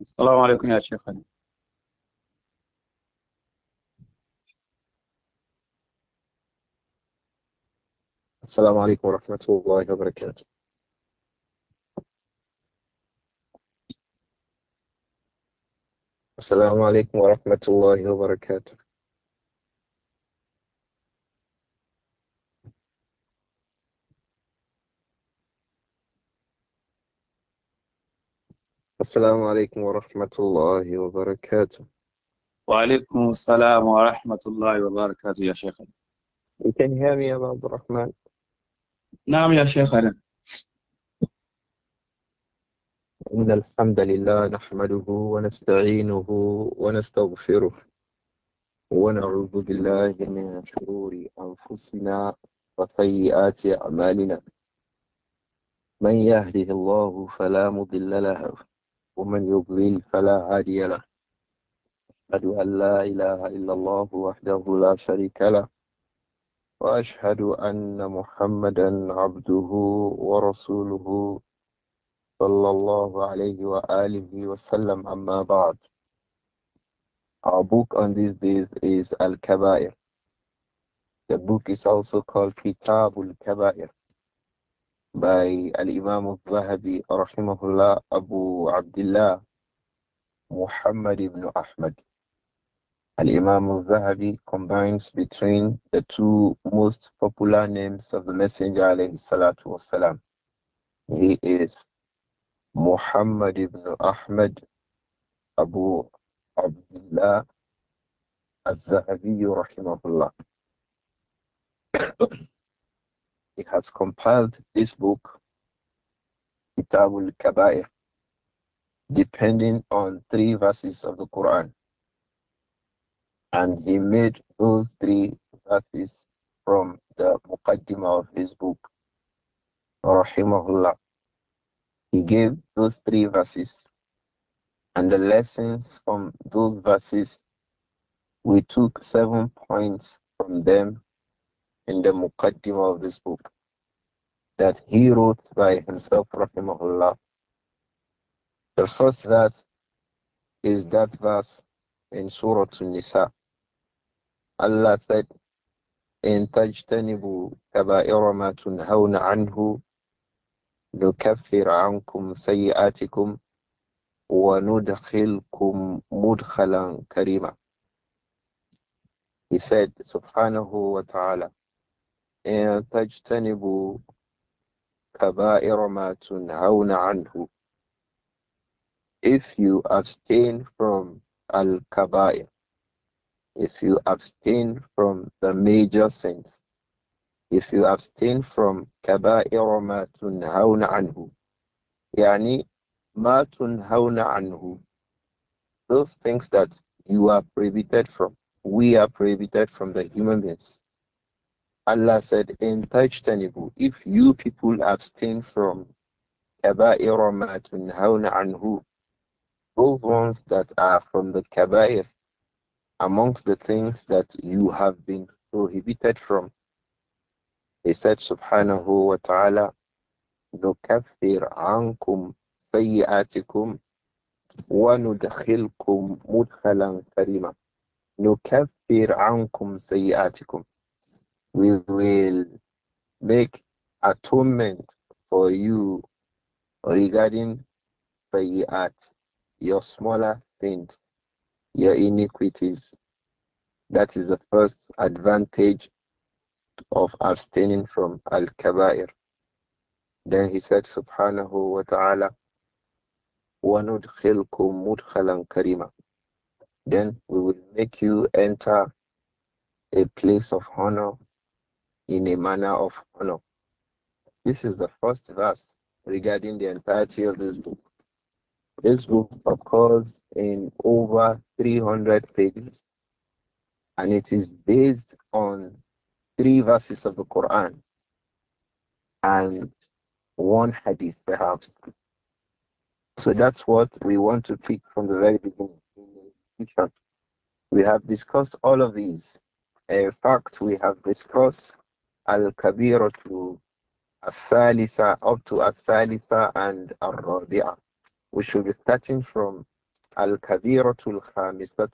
السلام عليكم يا شيخ علي. السلام عليكم ورحمة الله وبركاته السلام عليكم ورحمة الله وبركاته السلام عليكم ورحمة الله وبركاته وعليكم السلام ورحمة الله وبركاته يا شيخنا You يا عبد الرحمن نعم يا شيخنا إن الحمد لله نحمده ونستعينه ونستغفره ونعوذ بالله من شرور أنفسنا وسيئات أعمالنا من يهده الله فلا مضل له ومن يضلل فلا هادي له أشهد أن لا إله إلا الله وحده لا شريك له وأشهد أن محمدا عبده ورسوله صلى الله عليه وآله وسلم أما بعد Our book on these days is Al-Kabair. The book is also called Kitabul Kabair by Al-Imam al-Zahabi rahimahullah Abu Abdullah Muhammad ibn Ahmad. Al-Imam zahabi combines between the two most popular names of the Messenger alayhi salatu wasalam. He is Muhammad ibn Ahmad Abu Abdullah al-Zahabi rahimahullah. He has compiled this book, Kitabul Kabair, depending on three verses of the Quran. And he made those three verses from the Muqaddimah of his book, Rahimahullah. He gave those three verses and the lessons from those verses. We took seven points from them in the Muqaddimah of this book that he wrote by himself, rahimahullah. The first verse is that verse in Surah An-Nisa. Allah said, إن تجتنبوا كبائر ما تنهون عنه نكفر عنكم سيئاتكم وندخلكم مدخلا كريما. He said, Subhanahu wa ta'ala, أن تجتنبوا كبائر ما تنهون anhu if you abstain from al kabair if you abstain from the major sins if you abstain from كبائر ma تنهون anhu, يعني ما تنهون anhu, those things that you are prohibited from we are prohibited from the human beings Allah said, In Tajtanibu, if you people abstain from anhu, those ones that are from the Kabair, amongst the things that you have been prohibited from. He said, Subhanahu wa ta'ala, نكفر عنكم سيئاتكم وندخلكم مدخلا كريما نكفر عنكم سيئاتكم we will make atonement for you regarding for your smaller sins, your iniquities. That is the first advantage of abstaining from Al Kaba'ir. Then he said, Subhanahu wa ta'ala, وَنُدْخِلْكُمْ مُدْخَلًا كَرِيمًا Then we will make you enter a place of honor in a manner of honor. This is the first verse regarding the entirety of this book. This book occurs in over 300 pages and it is based on three verses of the Quran and one hadith, perhaps. So that's what we want to pick from the very beginning. We have discussed all of these. In fact, we have discussed al kabir to Asalisa, up to Asalisa and al rabia We should be starting from al to al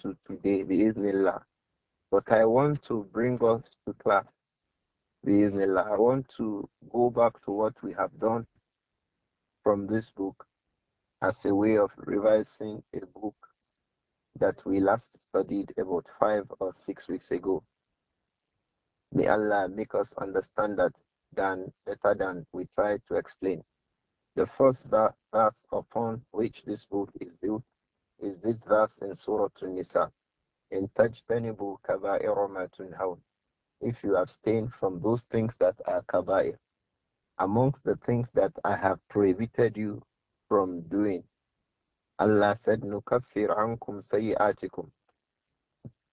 to today, bi'iznillah. But I want to bring us to class, bi'iznillah. I want to go back to what we have done from this book as a way of revising a book that we last studied about five or six weeks ago. May Allah make us understand that than better than we try to explain. The first verse upon which this book is built is this verse in Surah An-Nisa. In tajtanibu kaba'ira If you abstain from those things that are kaba'ir. Amongst the things that I have prohibited you from doing. Allah said, Nukafir ankum sayyatikum.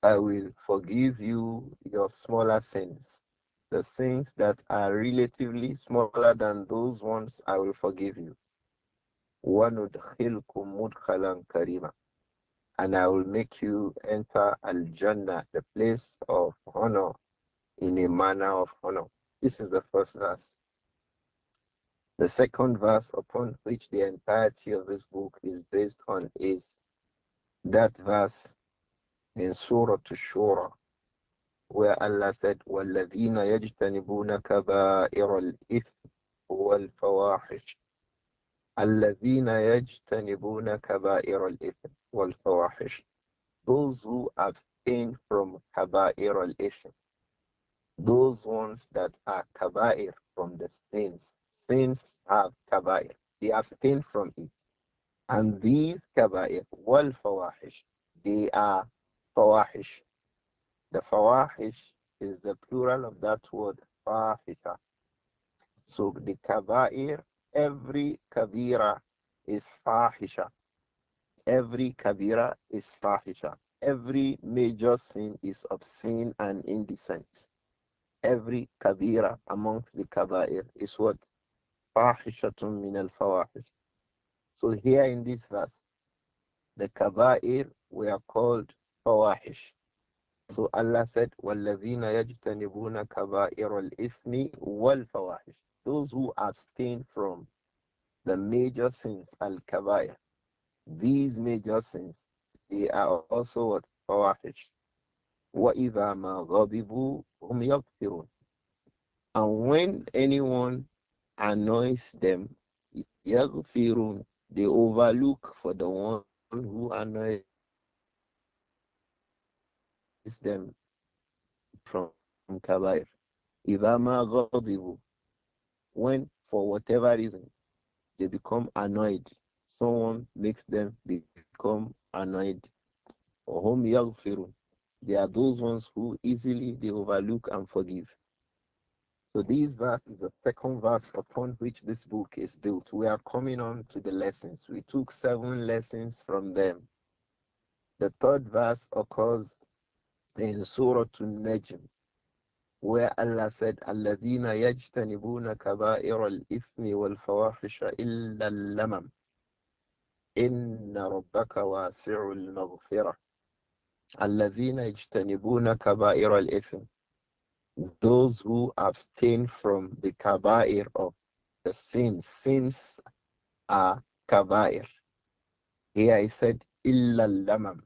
I will forgive you your smaller sins. The sins that are relatively smaller than those ones, I will forgive you. كَرِيمًا And I will make you enter Al-Jannah, the place of honor, in a manner of honor. This is the first verse. The second verse upon which the entirety of this book is based on is that verse in Surah Ash-Shura, where Allah said, وَالَّذِينَ يَجْتَنِبُونَ كَبَائِرَ الْإِثْمِ وَالْفَوَاحِشِ الَّذِينَ يَجْتَنِبُونَ كَبَائِرَ الْإِثْمِ وَالْفَوَاحِشِ Those who abstain from كَبَائِرَ الْإِثْمِ Those ones that are kabair from the sins. Sins have kabair. They abstain from it. And these kabair, wal fawahish, they are fawahish. The fawahish is the plural of that word, fahisha. So the kaba'ir, every kabira is fahisha. Every kabira is fahisha. Every major sin is obscene and indecent. Every kabira amongst the kaba'ir is what? Fahishatun min al-fawahish. So here in this verse, the kaba'ir are called so Allah said, وَالَّذِينَ يَجْتَنِبُونَ كَبَائِرَ الْإِثْمِ وَالْفَوَاحِشِ Those who abstain from the major sins, al-kabair. These major sins, they are also what? Fawahish. وَإِذَا مَا غَضِبُوا هُمْ يَغْفِرُونَ And when anyone annoys them, يَغْفِرُونَ They overlook for the one who annoys is them from Kabair. Idama ghadibu. When, for whatever reason, they become annoyed, someone makes them become annoyed. Or hum yaghfirun. They are those ones who easily they overlook and forgive. So this verse is the second verse upon which this book is built. We are coming on to the lessons. We took seven lessons from them. The third verse occurs in Surah An-Najm where Allah said alladhina yajtanibuna kabair al-ithmi wal fawahisha illa al-lamam inna rabbaka al maghfirah alladhina yajtanibuna kabair al ithmi those who abstain from the kaba'ir of the sins sins are kaba'ir here I said illa al-lamam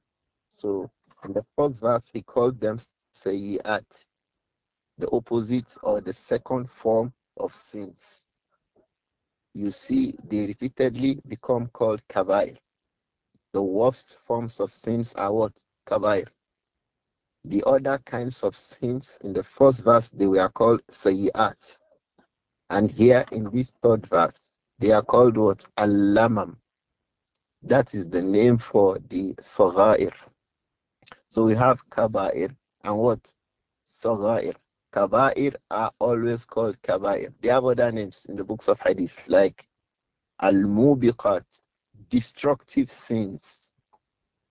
so in the first verse, he called them sayyat, the opposite or the second form of sins. You see, they repeatedly become called kabair. The worst forms of sins are what? Kabair. The other kinds of sins in the first verse, they were called sayyat. And here in this third verse, they are called what? Alamam. is the name for the Sagair. So we have kaba'ir and what? Sagha'ir. Kaba'ir are always called kaba'ir. They have other names in the books of hadith like al-mubiqat, destructive sins.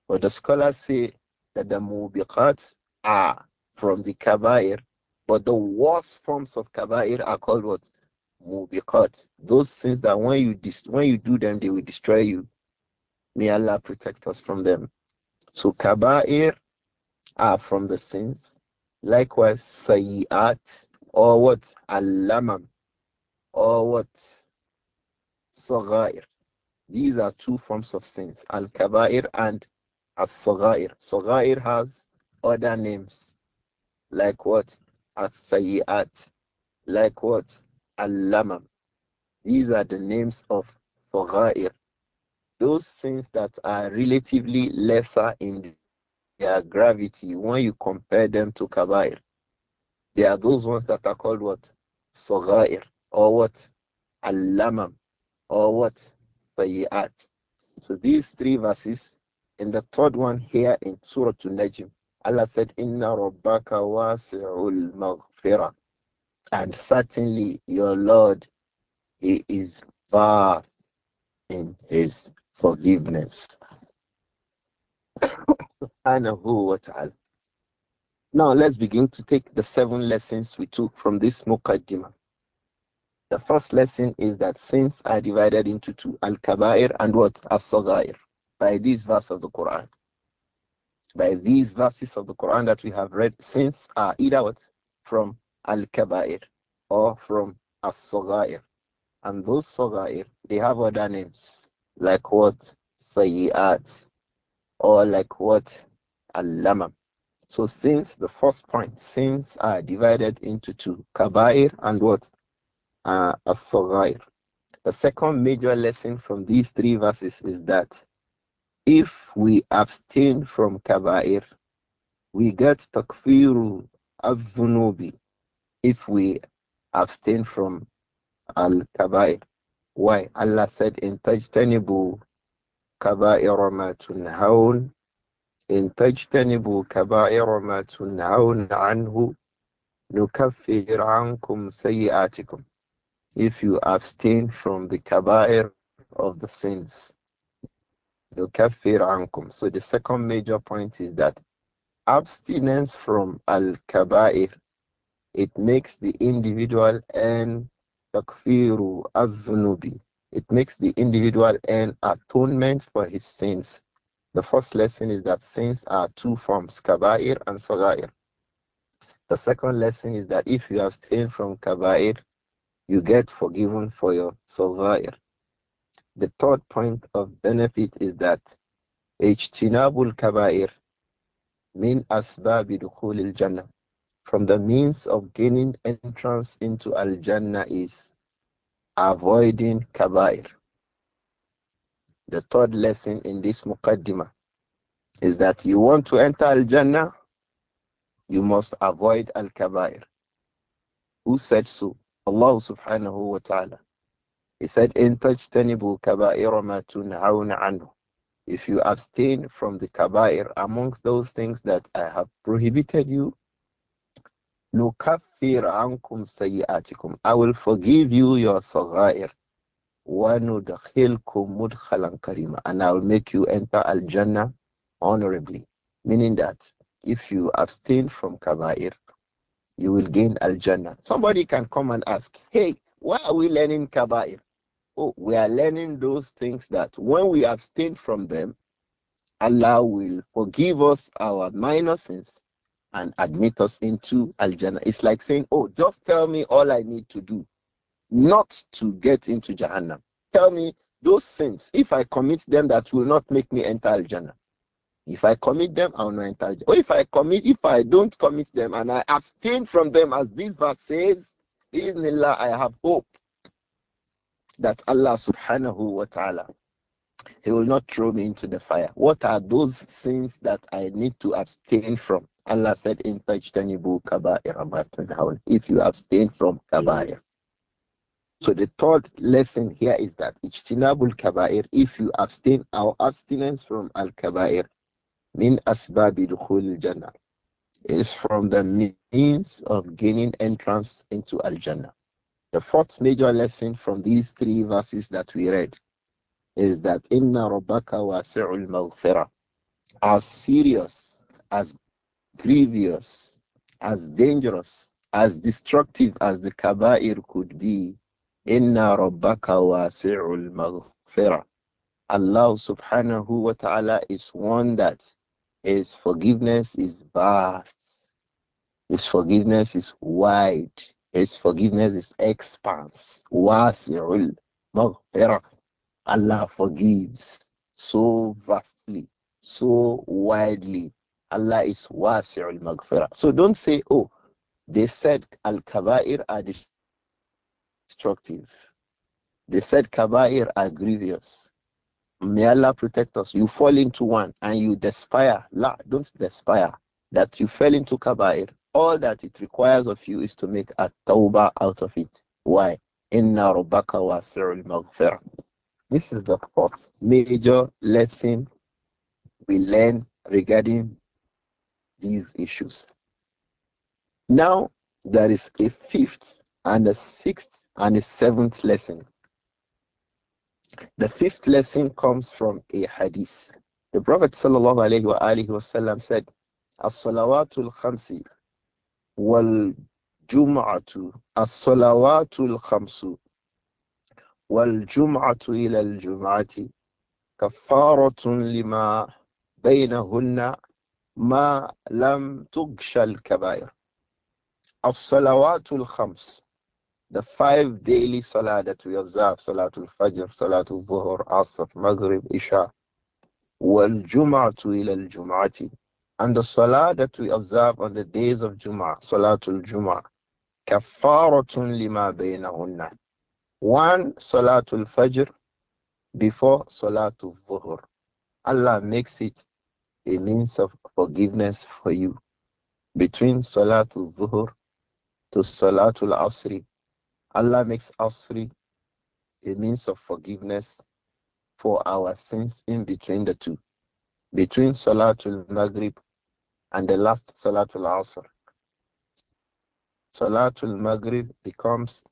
But the scholars say that the mubiqat are from the kaba'ir, but the worst forms of kaba'ir are called what? Mubiqat. Those sins that when you when you do them, they will destroy you. May Allah protect us from them. So kaba'ir are from the sins. Likewise, sayyat or what? Al-lamam or what? Sagair. These are two forms of sins, Al-Kabair and As-Sagair. Sagair has other names, like what? As-Sayyat, like what? Al-Lamam. These are the names of Sagair. Those sins that are relatively lesser in their gravity when you compare them to kabair. They are those ones that are called what? Sagair or what? Al-Lamam or what? Sayyat. So these three verses, in the third one here in Surah to Najm, Allah said, Inna rabbaka wasi'ul maghfirah. And certainly your Lord, He is vast in His forgiveness subhanahu wa ta'ala. Now let's begin to take the seven lessons we took from this muqaddimah. The first lesson is that sins are divided into two, al-kaba'ir and what? As-saghair, by these verses of the Quran. By these verses of the Quran that we have read, sins are either what? From al-kaba'ir or from as-saghair. And those saghair, they have other names, like what? Sayyat, or like what? al So since the first point, sins are divided into two, kabair and what? Uh, as-saghair. The second major lesson from these three verses is that if we abstain from kabair, we get takfiru az-zunubi if we abstain from al-kabair. Why? Allah said in tajtanibu kabair ma tunhaun إن تجتنبوا كبائر ما تنعون عنه نكفر عنكم سيئاتكم if you abstain from the kabair of the sins نكفر عنكم so the second major point is that abstinence from al-kabair it makes the individual earn takfiru al-dhunubi it makes the individual earn atonement for his sins the first lesson is that sins are two forms, kaba'ir and saga'ir. The second lesson is that if you abstain from kaba'ir, you get forgiven for your saga'ir. The third point of benefit is that ijtinabul kaba'ir min asbabi dukhulil jannah. From the means of gaining entrance into al-jannah is avoiding kaba'ir the third lesson in this Muqaddimah is that you want to enter Al Jannah, you must avoid Al Kabair. Who said so? Allah subhanahu wa ta'ala. He said, In tajtanibu kabair ma anhu. If you abstain from the kabair amongst those things that I have prohibited you, kafir ankum sayyatikum. I will forgive you your sagair, and I'll make you enter Al Jannah honorably. Meaning that if you abstain from Kaba'ir, you will gain Al Jannah. Somebody can come and ask, hey, why are we learning Kaba'ir? Oh, we are learning those things that when we abstain from them, Allah will forgive us our minor sins and admit us into Al Jannah. It's like saying, Oh, just tell me all I need to do not to get into Jahannam. Tell me those sins, if I commit them, that will not make me enter Jannah. If I commit them, I will not enter Jannah. Or if I commit, if I don't commit them and I abstain from them, as this verse says, in Allah, I have hope that Allah subhanahu wa ta'ala, He will not throw me into the fire. What are those sins that I need to abstain from? Allah said, In Tajtanibu Kaba'ir If you abstain from Kaba'ir. So the third lesson here is that ijtinabul kaba'ir, if you abstain our abstinence from al kaba'ir, min asbabi dukhul jannah, is from the means of gaining entrance into al jannah. The fourth major lesson from these three verses that we read is that inna rabbaka wasi'ul maghfirah. As serious, as grievous, as dangerous, as destructive as the kaba'ir could be, Inna rabbaka wasi'ul maghfira. Allah subhanahu wa ta'ala is one that his forgiveness is vast. His forgiveness is wide. His forgiveness is expanse. Wasi'ul maghfira. Allah forgives so vastly, so widely. Allah is wasi'ul maghfira. So don't say, oh, they said al-kaba'ir are destructive. They said kabair are grievous. May Allah protect us. You fall into one and you despair. La, don't despair that you fell into kabair. All that it requires of you is to make a tawbah out of it. Why? Inna rabbaka wasi'ul maghfirah. This is the fourth major lesson we learn regarding these issues. Now, there is a fifth and a sixth and the seventh lesson. The fifth lesson comes from a hadith. The Prophet وسلم, said, As-salawatul khamsi wal jum'atu as-salawatul khamsu wal jum'atu ila al-jum'ati kaffaratun lima bainahunna ma lam tughshal kabair. As-salawatul khams the five daily salah that we observe Salatul Fajr, Salatul Zuhur, Asr, Maghrib, Isha, wal Jum'atu ila al Jum'ati. And the salah that we observe on the days of Jum'ah, Salatul Jum'ah, kafaratun lima baynahunna. One Salatul Fajr before Salatul Zuhur, Allah makes it a means of forgiveness for you. Between Salatul Zuhur to Salatul Asri, Allah makes us a means of forgiveness for our sins in between the two, between Salatul Maghrib and the last Salatul Asr. Salatul Maghrib becomes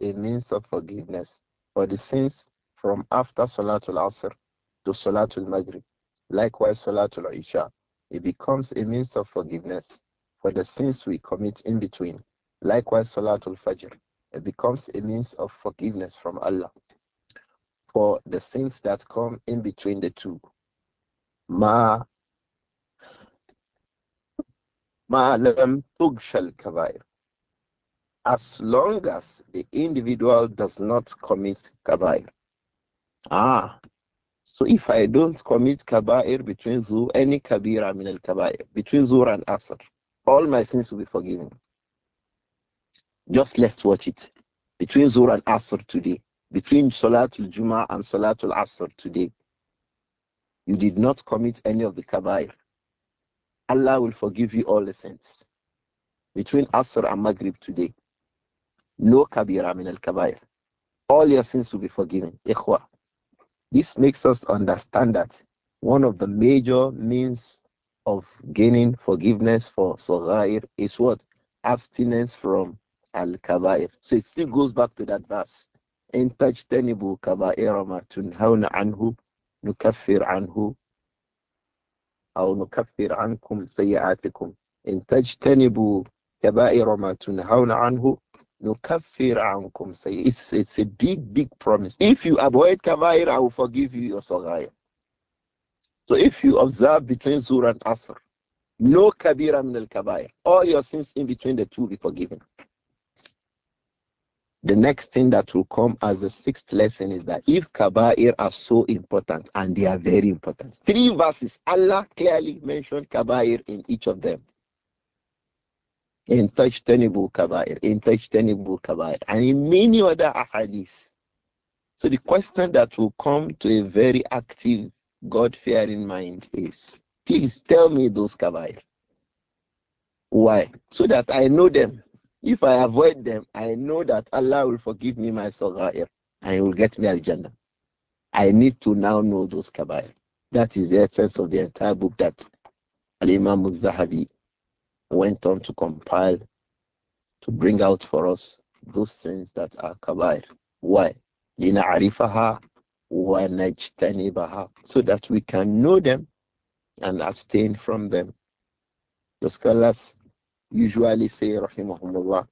a means of forgiveness for the sins from after Salatul Asr to Salatul Maghrib. Likewise, Salatul Isha, it becomes a means of forgiveness for the sins we commit in between. Likewise, Salatul Fajr. It becomes a means of forgiveness from Allah for the sins that come in between the two. Ma Ma'alam As long as the individual does not commit Kabair. Ah, so if I don't commit Kabair between Zuhr, any Kabira min al Kabair, between Zuhr and Asr, all my sins will be forgiven. Just let's watch it. Between Zuhr and Asr today, between Salatul Juma and Salatul Asr today, you did not commit any of the kabair. Allah will forgive you all the sins. Between Asr and Maghrib today, no kabira min al kabair. All your sins will be forgiven. Ikhwa. This makes us understand that one of the major means of gaining forgiveness for Sagair is what? Abstinence from al kabair. So it still goes back to that verse. In tenibu kabaira ma tunhawna anhu nukafir anhu أو نكفر عنكم سيئاتكم إن تجتنبوا كبائر ما تنهون anhu nukafir عنكم سيئ it's, it's a big big promise if you avoid كبائر I will forgive you your صغائر so if you observe between Zuhr and Asr no كبيرة من الكبائر all your sins in between the two will be forgiven the next thing that will come as the sixth lesson is that if kaba'ir are so important, and they are very important, three verses, Allah clearly mentioned kaba'ir in each of them. In Tajtanibu kaba'ir, in Tajtanibu kaba'ir, and in many other ahadith. So the question that will come to a very active, God-fearing mind is, please tell me those kaba'ir. Why? So that I know them if I avoid them, I know that Allah will forgive me my saghair and He will get me al Jannah. I need to now know those kabair. That is the essence of the entire book that Al Imam al Zahabi went on to compile to bring out for us those things that are kabair. Why? لنعرفها ونجتنبها so that we can know them and abstain from them. The scholars usually say, rahimahumullah,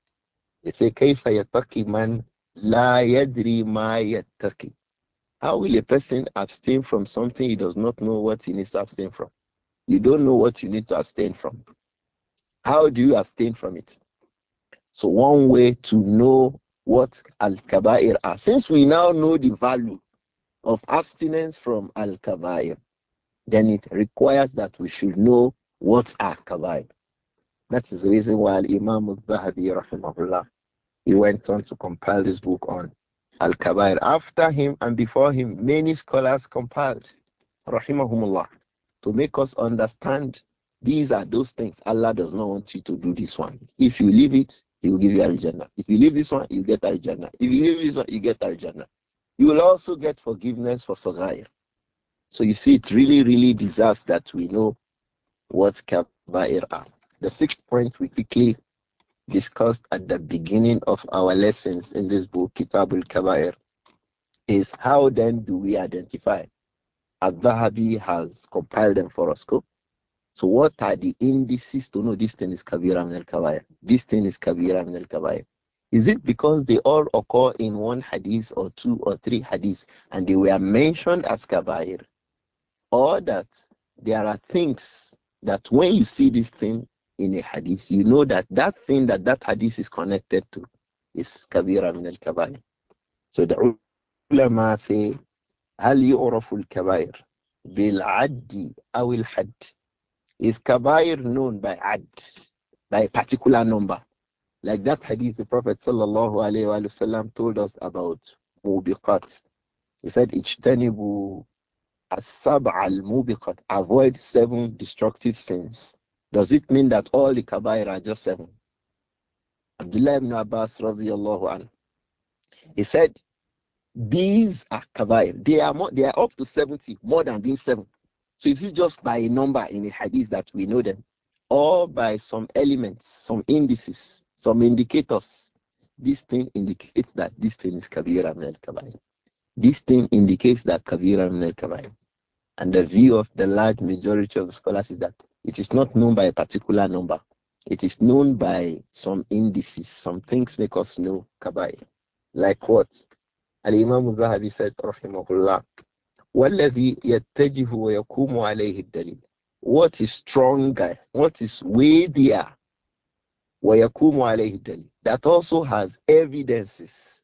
they say, كَيْفَ يَتَّقِي مَنْ لَا يَدْرِي مَا يَتَّقِي How will a person abstain from something he does not know what he needs to abstain from? You don't know what you need to abstain from. How do you abstain from it? So one way to know what al-kaba'ir are. Since we now know the value of abstinence from al-kaba'ir, then it requires that we should know what are kaba'ir. That is the reason why Imam al-Zahabi, rahimahullah, he went on to compile this book on Al-Kabair. After him and before him, many scholars compiled, rahimahumullah, to make us understand these are those things Allah does not want you to do this one. If you leave it, He will give you Al-Jannah. If you leave this one, you get Al-Jannah. If you leave this one, you get Al-Jannah. You will also get forgiveness for Sagair. So you see, it really, really deserves that we know what Kabair are. The sixth point we quickly discussed at the beginning of our lessons in this book, Kitabul Kabair, is how then do we identify? Al-Dhahabi has compiled them for us. So what are the indices to know this thing is Kabira min al-Kabair? This thing is Kabira min al-Kabair. Is it because they all occur in one hadith or two or three hadiths and they were mentioned as Kabair? Or that there are things that when you see this thing, in a hadith, you know that that thing that that hadith is connected to is kabira min al-kabair. So the ulama say, هل يعرف الكبائر بالعد أو الحد? Is kabair known by ad, by a particular number? Like that hadith the Prophet sallallahu alayhi wasallam told us about mubiqat. He said, اجتنبوا السبع الموبقات avoid seven destructive sins does it mean that all the kabair are just seven? Abdullah ibn Abbas He said, these are kabair. They are more, they are up to 70, more than being seven. So is it just by a number in a hadith that we know them? Or by some elements, some indices, some indicators. This thing indicates that this thing is kabira min al-kabair. This thing indicates that kabira min al-kabair. And the view of the large majority of the scholars is that it is not known by a particular number. It is known by some indices. Some things make us know kabair. Like what? Al-Imam al-Zahabi said, rahimahullah, What is stronger, what is weightier, That also has evidences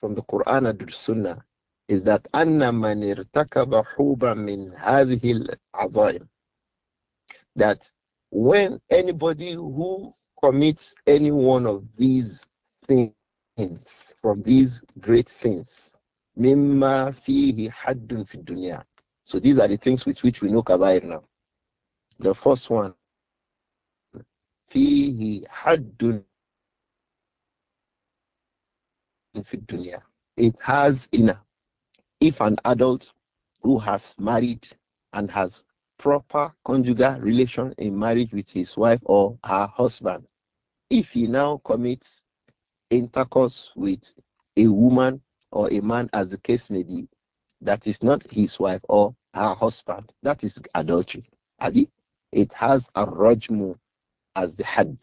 from the Quran and the Sunnah is that Anna مَنْ ارْتَكَبَ حُوبًا مِنْ هَذِهِ that when anybody who commits any one of these things from these great sins, mimma fihi haddun fi dunya. So these are the things with which we know kabair now. The first one, fihi haddun fi dunya. It has in if an adult who has married and has proper conjugal relation in marriage with his wife or her husband. If he now commits intercourse with a woman or a man, as the case may be, that is not his wife or her husband, that is adultery. it has a rajmu as the had.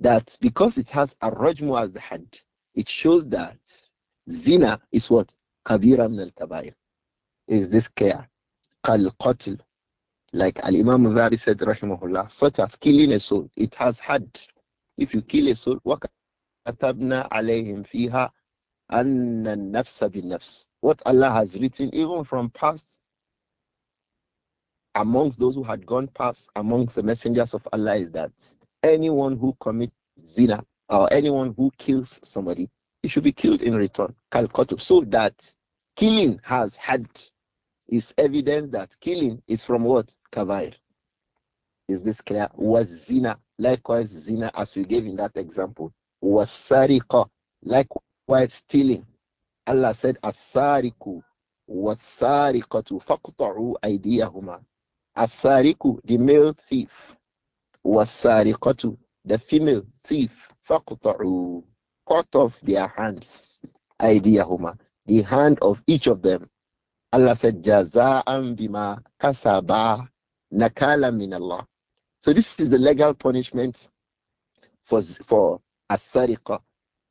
That because it has a rajmu as the had, it shows that zina is what kabira min al kabair. Is this care? Kal qatil like Al Imam Ghari said, Rahimahullah, such as killing a soul, it has had. If you kill a soul, what عَلَيْهِمْ فِيهَا أَنَّ النَّفْسَ بِالنَّفْسِ What Allah has written, even from past, amongst those who had gone past, amongst the messengers of Allah, is that anyone who commits zina or anyone who kills somebody, he should be killed in return. So that killing has had is evident that killing is from what? Kabair. Is this clear? Was zina. Likewise, zina, as we gave in that example, was sariqa. Likewise, stealing. Allah said, Asariku was sariqatu faqta'u aydiyahuma. Asariku, the male thief, was sariqatu, the female thief, faqta'u, cut off their hands, aydiyahuma, the hand of each of them, Allah said, Jaza'an bima kasaba nakala min Allah. So this is the legal punishment for, for asariqa.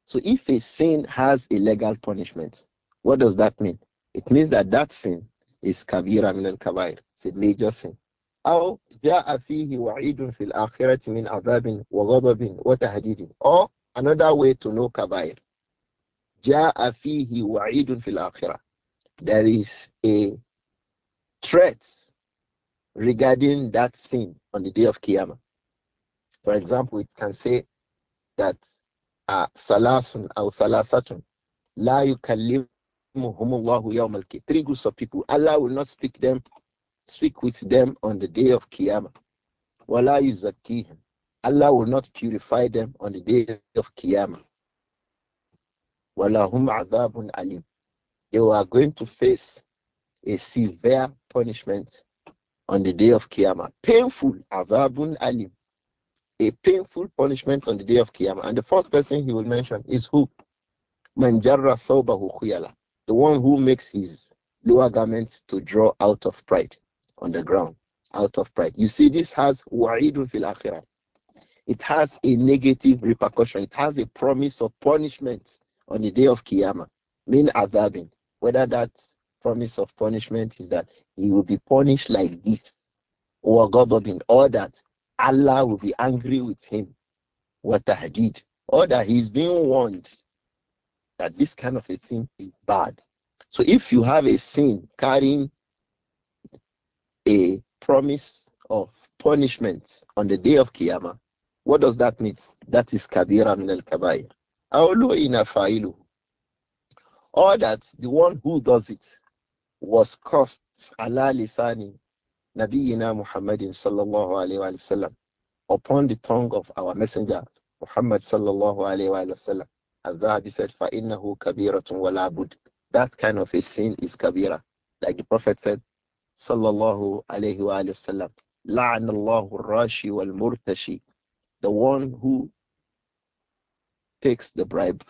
So if a sin has a legal punishment, what does that mean? It means that that sin is kabira min al-kabair. It's a major sin. أو جاء فيه وعيد في الآخرة من عذاب وغضب وتهديد or another way to know كبائر جاء فيه وعيد في الآخرة there is a threat regarding that thing on the day of Qiyamah. For example, it can say that uh, salasun uh, or salasatun la yukallimuhum Allahu al Three groups of people, Allah will not speak them, speak with them on the day of Qiyamah. Wala yuzakkihim. Allah will not purify them on the day of Qiyamah. Wallahum adabun alim they were going to face a severe punishment on the day of Kiyama. Painful, Azabun Alim. A painful punishment on the day of Kiyama. And the first person he will mention is who? Manjarra Thawbahu Khuyala. The one who makes his lower garments to draw out of pride on the ground. Out of pride. You see, this has Wa'idun fil akhirah. It has a negative repercussion. It has a promise of punishment on the day of Qiyamah. Min Adabin whether that promise of punishment is that he will be punished like this, or God in or that Allah will be angry with him, what I did, or that he's being warned that this kind of a thing is bad. So if you have a sin carrying a promise of punishment on the day of Kiyama, what does that mean? That is kabira min al-kabair. Or that the one who does it was cursed ala lisani nabiyina Muhammadin sallallahu alayhi wa sallam upon the tongue of our messenger Muhammad sallallahu alayhi wa sallam. al said, فَإِنَّهُ كَبِيرَةٌ وَلَا بُدْ That kind of a sin is kabira. Like the Prophet said, sallallahu alayhi wa sallam, لَعَنَ اللَّهُ الرَّاشِي وَالْمُرْتَشِي The one who takes the bribe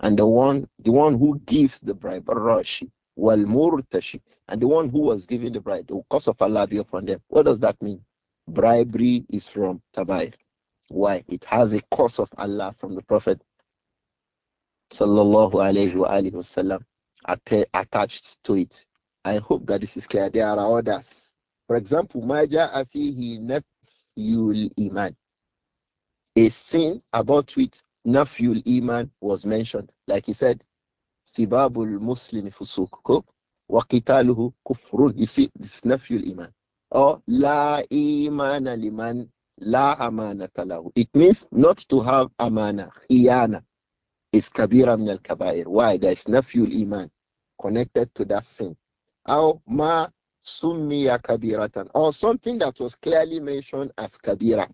and the one the one who gives the bribe rashi wal murtashi and the one who was giving the bribe the cause of Allah be upon them what does that mean bribery is from tabair why it has a cause of Allah from the prophet sallallahu alayhi wa alayhi wasallam attached to it i hope that this is clear there are others for example maja afihi nafyul iman a sin about which Nafyul Iman was mentioned. Like he said, Sibabul Muslim Fusuk wa qitaluhu kufrun. You see, this is Nafyul Iman. Or La Iman aliman, La Amana Talahu. It means not to have Amana, Iyana. Is Kabira min al Kabair. Why? There is Nafyul Iman connected to that sin. Or Ma Summiya Kabiratan. Or something that was clearly mentioned as Kabira.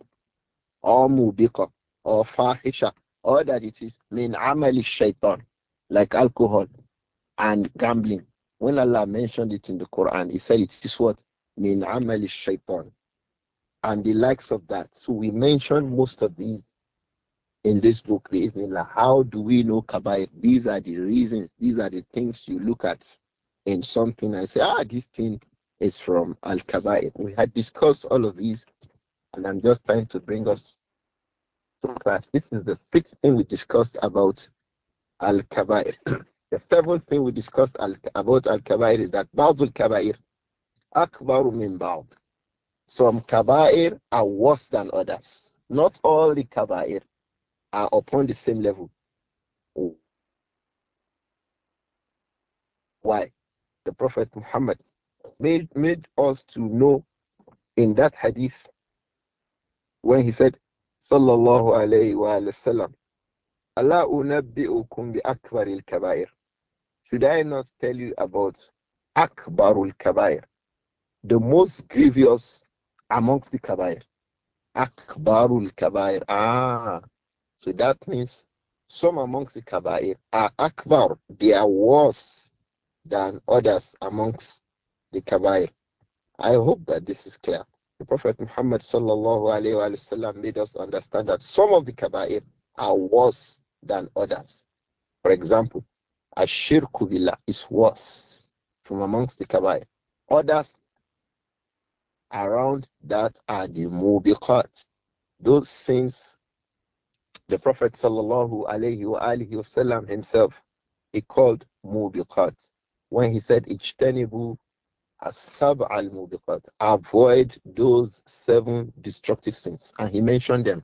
Or Mubiqa. Or Fahisha or that it is min amali shaitan, like alcohol and gambling. When Allah mentioned it in the Quran, He said it is what? Min amali shaitan. And the likes of that. So we mentioned most of these in this book, the How do we know Kabair? These are the reasons, these are the things you look at in something and say, ah, this thing is from Al Kabair. We had discussed all of these, and I'm just trying to bring us class, this is the sixth thing we discussed about Al Kabair. the seventh thing we discussed al about Al Kabair is that Ba'dul Kabair Akbaru min Ba'd. Some Kabair are worse than others. Not all the Kabair are upon the same level. Why? The Prophet Muhammad made, made us to know in that hadith when he said, sallallahu alayhi wa sallam, Allah unabbi'ukum bi akbaril kabair. Should I not tell you about akbarul kabair, the most grievous amongst the kabair? Akbarul kabair. Ah, so that means some amongst the kabair are akbar. They are worse than others amongst the kabair. I hope that this is clear. The Prophet Muhammad sallallahu alayhi wasallam sallam made us understand that some of the kaba'ir are worse than others. For example, ashirku billah is worse from amongst the kaba'ir. Others around that are the mubiqat. Those sins the Prophet sallallahu alayhi wa alihi wasallam himself he called mubiqat when he said ijtanibu Avoid those seven destructive sins. And he mentioned them.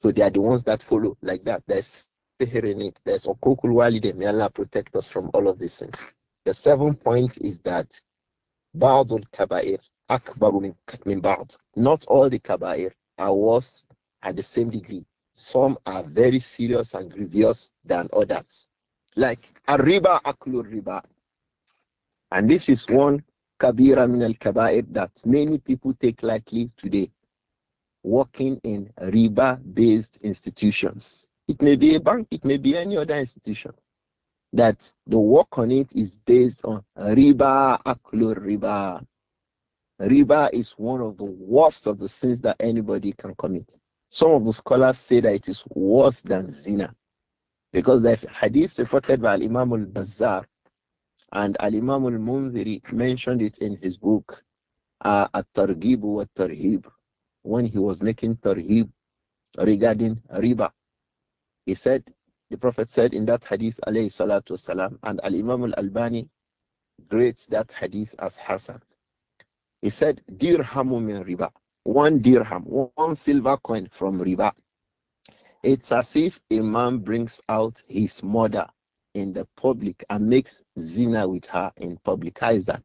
So they are the ones that follow like that. There's sihr in it. There's okokul walide. May Allah protect us from all of these sins. The seventh point is that Ba'dul kabair akbaru min ba'd. Not all the kabair are worse at the same degree. Some are very serious and grievous than others. Like arriba aklu riba. And this is one kabira min al-kaba'ir that many people take lightly today working in riba based institutions it may be a bank it may be any other institution that the work on it is based on riba aklur riba riba is one of the worst of the sins that anybody can commit some of the scholars say that it is worse than zina because there's hadith reported by imam al bazar and Al Imam al Munziri mentioned it in his book, uh, At Targhib wa Tarhib, when he was making Tarhib regarding riba. He said, the Prophet said in that hadith, alayhi salatu wasalam, and Al Imam al Albani grades that hadith as Hasan. He said, Dirhamu min riba, one dirham, one silver coin from riba. It's as if a man brings out his mother in the public and makes zina with her in public. How is that?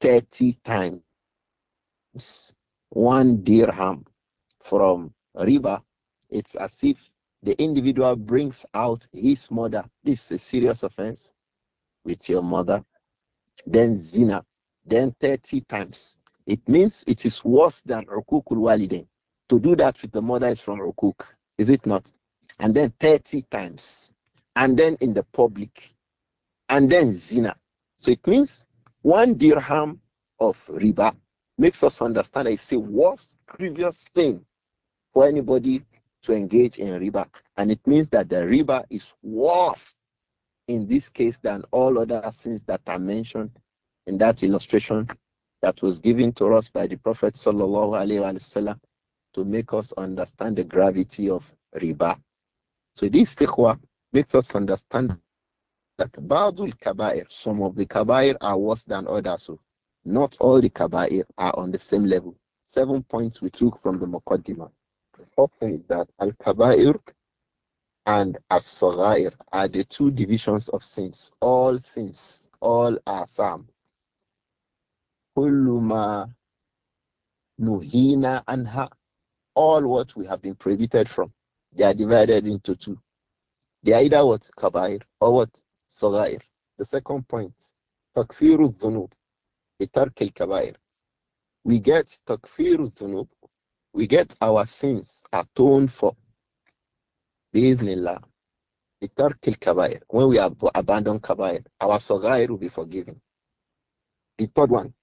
30 times one dirham from riba. It's as if the individual brings out his mother. This is a serious offense with your mother. Then zina. Then 30 times. It means it is worse than ukukul waliden. To do that with the mother is from ukuk, is it not? And then 30 times and then in the public, and then zina. So it means one dirham of riba makes us understand it's a worst previous thing for anybody to engage in riba. And it means that the riba is worse in this case than all other sins that are mentioned in that illustration that was given to us by the Prophet وسلم, to make us understand the gravity of riba. So this ikhwa makes us understand that Ba'dul Kaba'ir, some of the Kaba'ir are worse than others. So not all the Kaba'ir are on the same level. Seven points we took from the Muqaddimah. The first thing is that Al Kaba'ir and As Saghair are the two divisions of sins. All sins, all are sam. Kulluma Nuhina ha, All what we have been prohibited from. They are divided into two. They either what? Kabair or what? Sagair. The second point, takfir Takfiru dhunub, Bitark al Kabair. We get takfir Takfiru dhunub, we get our sins atoned for. Biiznillah. Bitark al Kabair. When we ab abandon Kabair, our Sagair will be forgiven. The third one,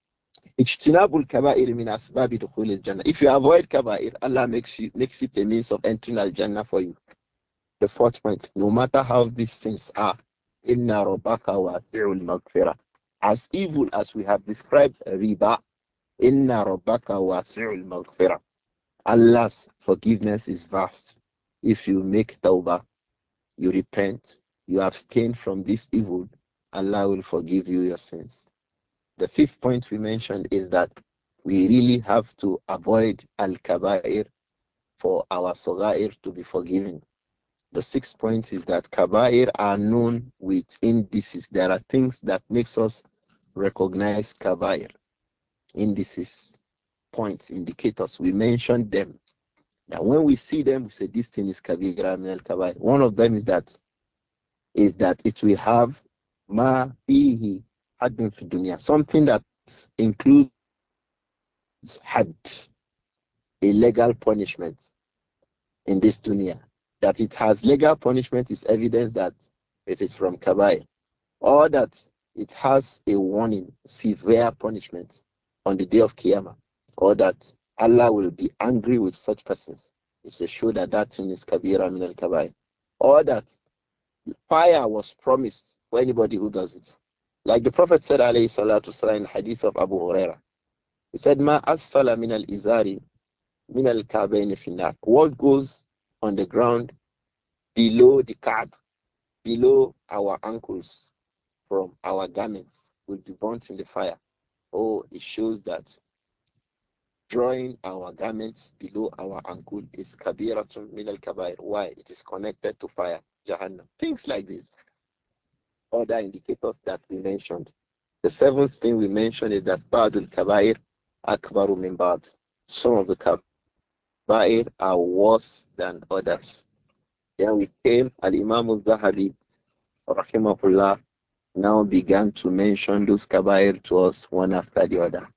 Ijtinabul kabair min asbabi dukhul al-jannah. If you avoid kabair, Allah makes you makes it a means of entering al-jannah for you the fourth point, no matter how these things are, inna wa wasi'ul maghfirah. As evil as we have described riba, inna wa wasi'ul maghfirah. Allah's forgiveness is vast. If you make tawbah, you repent, you abstain from this evil, Allah will forgive you your sins. The fifth point we mentioned is that we really have to avoid al-kabair for our sagair to be forgiven. The sixth point is that kaba'ir are known with indices. There are things that makes us recognize kaba'ir. Indices, points, indicators. We mentioned them. Now, when we see them, we say this thing is kabira min al kabair. One of them is that is that it will have ma fihi hadun fi dunya, something that includes had a legal punishment in this dunya that it has legal punishment is evidence that it is from Kabai, or that it has a warning, severe punishment on the day of Qiyamah, or that Allah will be angry with such persons. It's a show that that thing is Kabira min al Kabai, or that fire was promised for anybody who does it. Like the Prophet said, is salatu salam, in hadith of Abu Huraira, he said, Ma asfala min al izari min al kabain finar. What goes on the ground below the calf, below our ankles, from our garments will be burnt in the fire. Oh, it shows that drawing our garments below our ankle is kabiratun min al kabair. Why? It is connected to fire, jahannam. Things like this. Other indicators that we mentioned. The seventh thing we mentioned is that badul kabair akbaru min bad. Some of the it are worse than others. Then we came, Al Imam al Zahabi, Rahimahullah, now began to mention those Kabair to us one after the other.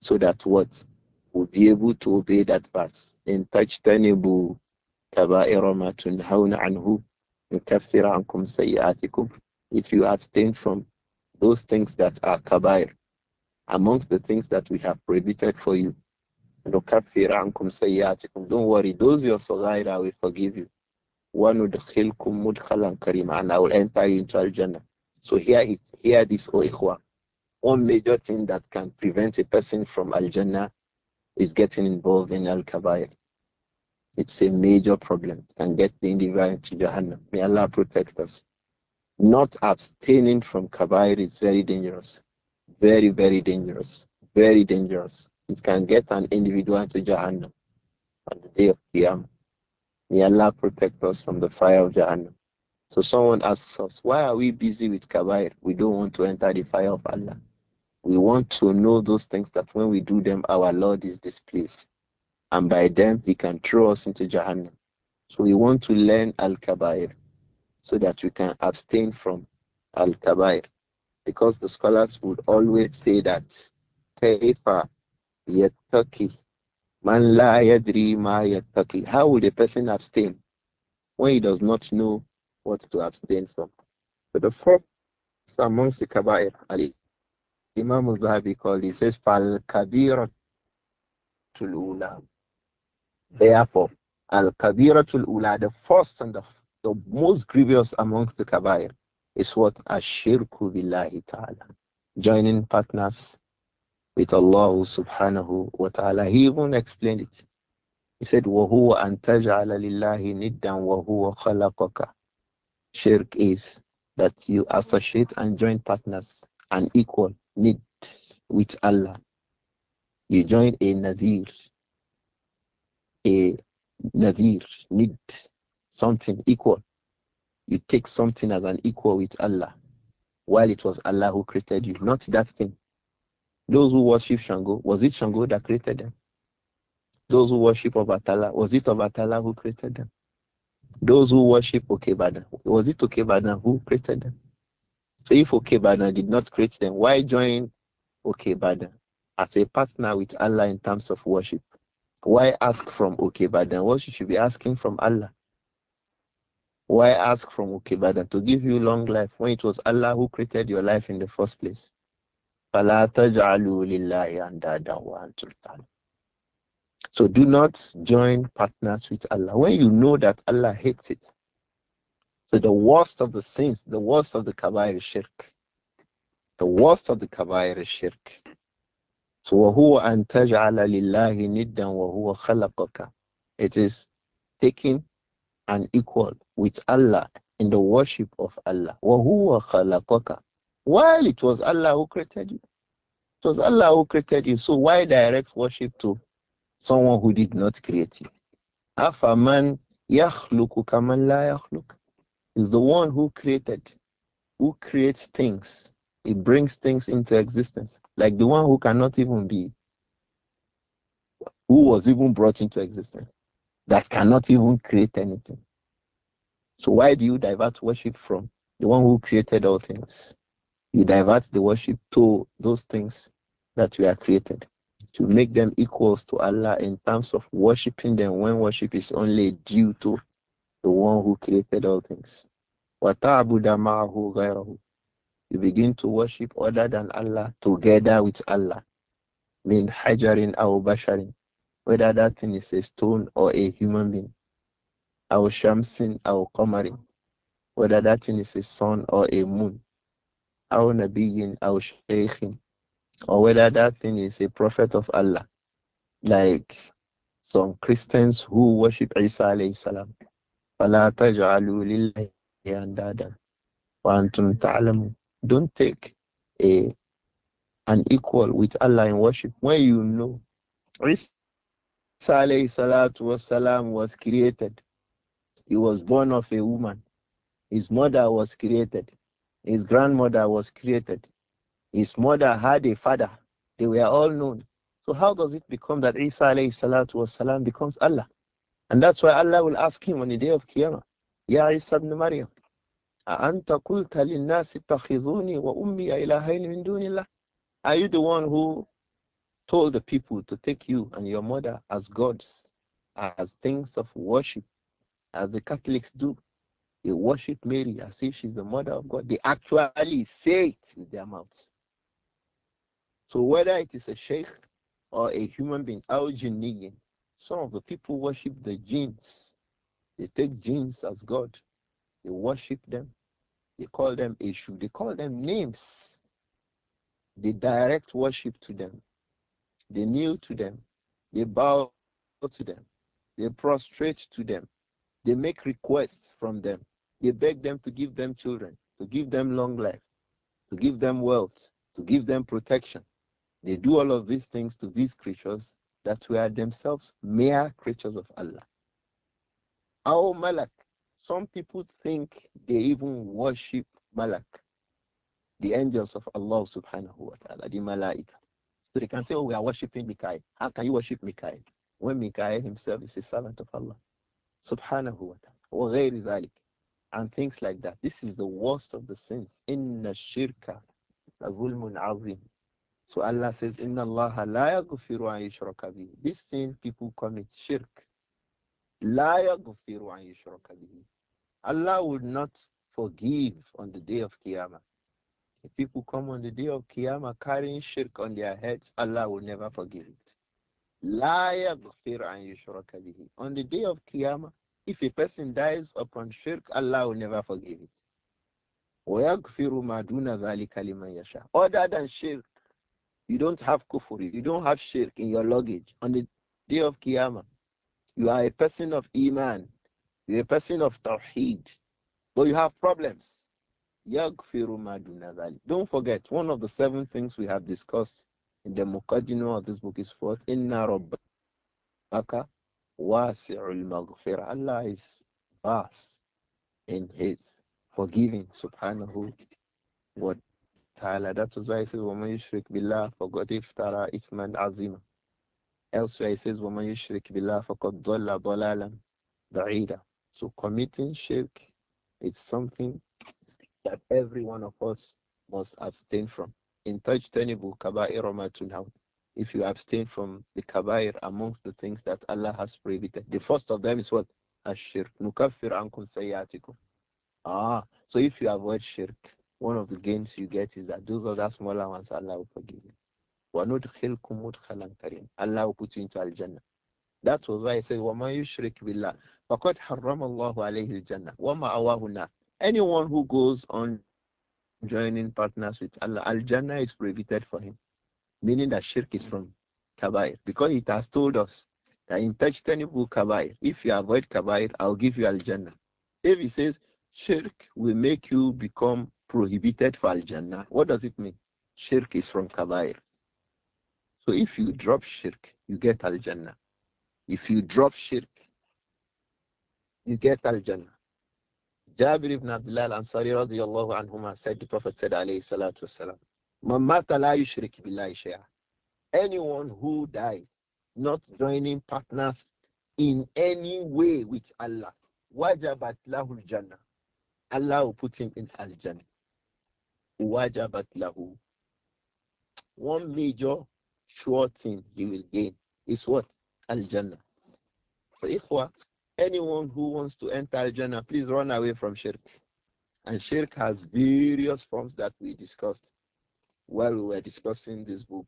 So that what? We'll be able to obey that verse. In touch Kabair ma tunhawna anhu, nukaffir ankum sayyatikum. If you abstain from those things that are Kabair, amongst the things that we have prohibited for you, do don't worry those your صغائر I will forgive you One would وندخلكم مدخلا Karima, and I will enter you into Al-Jannah so here is here this O oh one major thing that can prevent a person from Al-Jannah is getting involved in Al-Kabair it's a major problem and get the individual into Jahannam may Allah protect us not abstaining from Kabair is very dangerous very very dangerous very dangerous it can get an individual to Jahannam on the day of Qiyam. May Allah protect us from the fire of Jahannam. So someone asks us, why are we busy with Kabair? We don't want to enter the fire of Allah. We want to know those things that when we do them, our Lord is displeased. And by them, He can throw us into Jahannam. So we want to learn Al Kabair so that we can abstain from Al Kabair. Because the scholars would always say that Taifa yattaqi. Man la yadri ma yattaqi. How will a person abstain when he does not know what to abstain from? So the fourth is amongst the kaba'ir, Ali. Imam al-Dhabi called, he says, fal kabiratul ula. Therefore, al-kabiratul ula, the first and the, the most grievous amongst the kaba'ir is what? Ashirku billahi ta'ala. Joining partners with Allah subhanahu wa ta'ala. He even explained it. He said, وَهُوَ أَن تَجْعَلَ لِلَّهِ نِدًّا وَهُوَ خَلَقَكَ Shirk is that you associate and join partners and equal need with Allah. You join a nadir, a nadir, need, something equal. You take something as an equal with Allah, while it was Allah who created you, not that thing. Those who worship Shango, was it Shango that created them? Those who worship Obatala, was it Obatala who created them? Those who worship Okebada, was it Okebada who created them? So if Okebada did not create them, why join Okebada as a partner with Allah in terms of worship? Why ask from Okebada? What you should be asking from Allah? Why ask from Okebada to give you long life when it was Allah who created your life in the first place? So do not join partners with Allah when you know that Allah hates it. So the worst of the sins, the worst of the kabair shirk, the worst of the kabair shirk. So وَهُوَ أَنْ تَجْعَلَ لِلَّهِ نِدًّا وَهُوَ It is taking an equal with Allah in the worship of Allah. وَهُوَ خَلَقَكَ while it was Allah who created you. It was Allah who created you. So why direct worship to someone who did not create you? Afaman yakhluku kaman la yakhluk is the one who created, who creates things. He brings things into existence, like the one who cannot even be, who was even brought into existence, that cannot even create anything. So why do you divert worship from the one who created all things? You divert the worship to those things that we are created to make them equals to Allah in terms of worshiping them when worship is only due to the one who created all things. You begin to worship other than Allah together with Allah. Min hajarin aw basharin. Whether that thing is a stone or a human being. Aw shamsin aw qamarin. Whether that thing is a sun or a moon. أو نبي أو شيخ or whether that thing is a prophet of Allah like some Christians who worship Isa alayhi salam فلا تجعلوا لله أندادا وأنتم تعلمون don't take a an equal with Allah in worship when you know Isa alayhi salatu was created he was born of a woman his mother was created his grandmother was created. His mother had a father. They were all known. So how does it become that Isa alayhi salatu wasalam becomes Allah? And that's why Allah will ask him on the day of Qiyamah, Ya Isa ibn Maryam, أَأَنْتَ قُلْتَ لِلنَّاسِ اتَّخِذُونِي وَأُمِّيَ إِلَهَيْنِ مِن دُونِ اللَّهِ Are you the one who told the people to take you and your mother as gods, as things of worship, as the Catholics do? They worship Mary as if she's the mother of God. They actually say it with their mouths. So whether it is a sheikh or a human being, al jinniyin, some of the people worship the jinns. They take jinns as God. They worship them. They call them Eshu. They call them names. They direct worship to them. They kneel to them. They bow to them. They prostrate to them. They make requests from them. He begged them to give them children, to give them long life, to give them wealth, to give them protection. They do all of these things to these creatures that were themselves mere creatures of Allah. Our Malak, some people think they even worship Malak, the angels of Allah subhanahu wa ta'ala, the Malaika. So they can say, Oh, we are worshiping Mikai. How can you worship Mikai? When Mikai himself is a servant of Allah. Subhanahu wa ta'ala. وغير ذلك and things like that. This is the worst of the sins. Inna shirka azulmun azim. So Allah says, Inna Allah la yaghfiru an yushraka bihi. This sin people commit shirk. La yaghfiru an yushraka bihi. Allah will not forgive on the day of Qiyamah. If people come on the day of Qiyamah carrying shirk on their heads, Allah will never forgive it. La yaghfiru an yushraka bihi. On the day of Qiyamah, if a person dies upon shirk, Allah will never forgive it. Other than shirk, you don't have kufr, you don't have shirk in your luggage on the day of Qiyamah. You are a person of Iman, you're a person of Tawheed, but you have problems. Don't forget, one of the seven things we have discussed in the Muqaddimah of this book is what? Inna Rabbaka Wasi'ul maghfirah Allah is vast in His forgiving, subhanahu wa ta'ala. That is why He says, وَمَنْ يُشْرِكْ بِاللَّهِ فَقَدْ اِفْتَرَى إِثْمًا عَظِيمًا Elsewhere He says, وَمَنْ يُشْرِكْ بِاللَّهِ فَقَدْ ضَلَّ ضَلَالًا بَعِيدًا So committing shirk is something that every one of us must abstain from. In touch tenibu kaba'ira ma tunhaw if you abstain from the kabair amongst the things that Allah has prohibited. The first of them is what? Ashir. Nukafir ankum sayyatikum. Ah, so if you avoid shirk, one of the gains you get is that those other smaller ones Allah will forgive you. Allah will put you into Al Jannah. That was why I said, وَمَا يُشْرِكْ بِاللَّهِ فَقَدْ حَرَّمَ اللَّهُ عَلَيْهِ الْجَنَّةِ وَمَا أَوَاهُ Anyone who goes on joining partners with Allah, Al Jannah is prohibited for him meaning that shirk is from kabair, because it has told us that in tajtanibu kabair, if you avoid kabair, I'll give you al-jannah. If he says shirk will make you become prohibited for al-jannah, what does it mean? Shirk is from kabair. So if you drop shirk, you get al-jannah. If you drop shirk, you get al-jannah. Jabir ibn Abdullah al-Ansari radiyallahu anhuma said, the Prophet said alayhi salatu wasalam, Mamata la yushrik Anyone who dies not joining partners in any way with Allah, wajabat lahul jannah. Allah will put him in al jannah. Wajabat lahu. One major sure thing he will gain is what al jannah. So ikhwa, anyone who wants to enter al jannah, please run away from shirk. And shirk has various forms that we discussed while we were discussing this book